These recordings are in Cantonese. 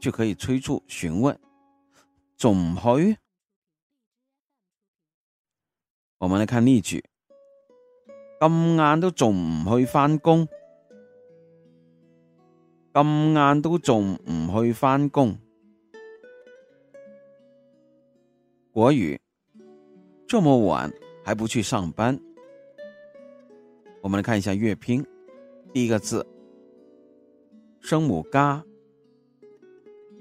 就可以催促詢問，仲唔去？我們嚟看例句：咁晏都仲唔去翻工？咁晏都仲唔去翻工？國語，這麼晚還不去上班？我們嚟看一下粵拼，第一個字，聲母家」。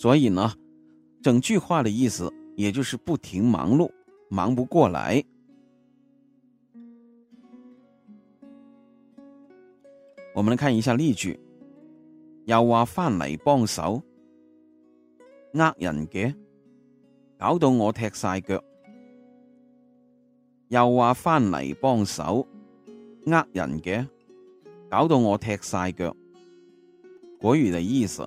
所以呢，整句話的意思也就是不停忙碌，忙不過來。我們嚟看一下例句：又話翻嚟幫手，呃人嘅，搞到我踢晒腳；又話翻嚟幫手，呃人嘅，搞到我踢晒腳。國語的意思。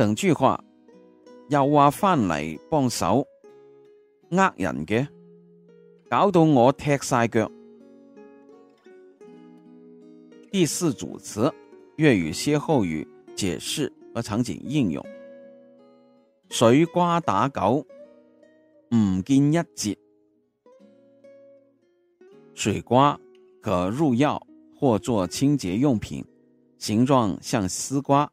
等句話，又話翻嚟幫手，呃人嘅，搞到我踢晒腳。第四組詞，粵語歇後語解釋和場景應用。水瓜打狗，唔見一截。水瓜可入藥或做清潔用品，形狀像絲瓜。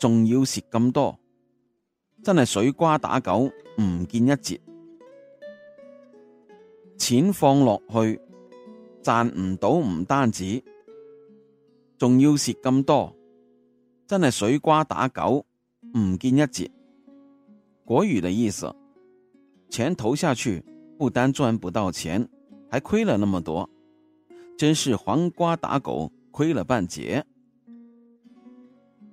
仲要蝕咁多，真係水瓜打狗唔見一截，錢放落去賺唔到，唔單止，仲要蝕咁多，真係水瓜打狗唔見一截。國語的意思，錢投下去，不單賺不到錢，還虧了那麼多，真是黃瓜打狗，虧了半截。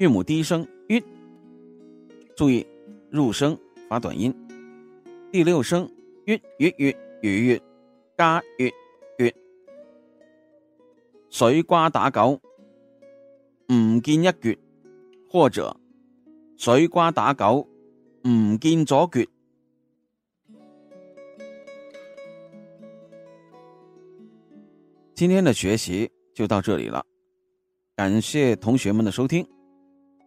韻母第一聲月注意入聲發短音。第六聲月月月，月月，加“月”、“月”月月月月。水瓜打狗，唔、嗯、見一橛，或者水瓜打狗，唔、嗯、見咗橛。今天的學習就到這裏了，感謝同學們的收聽。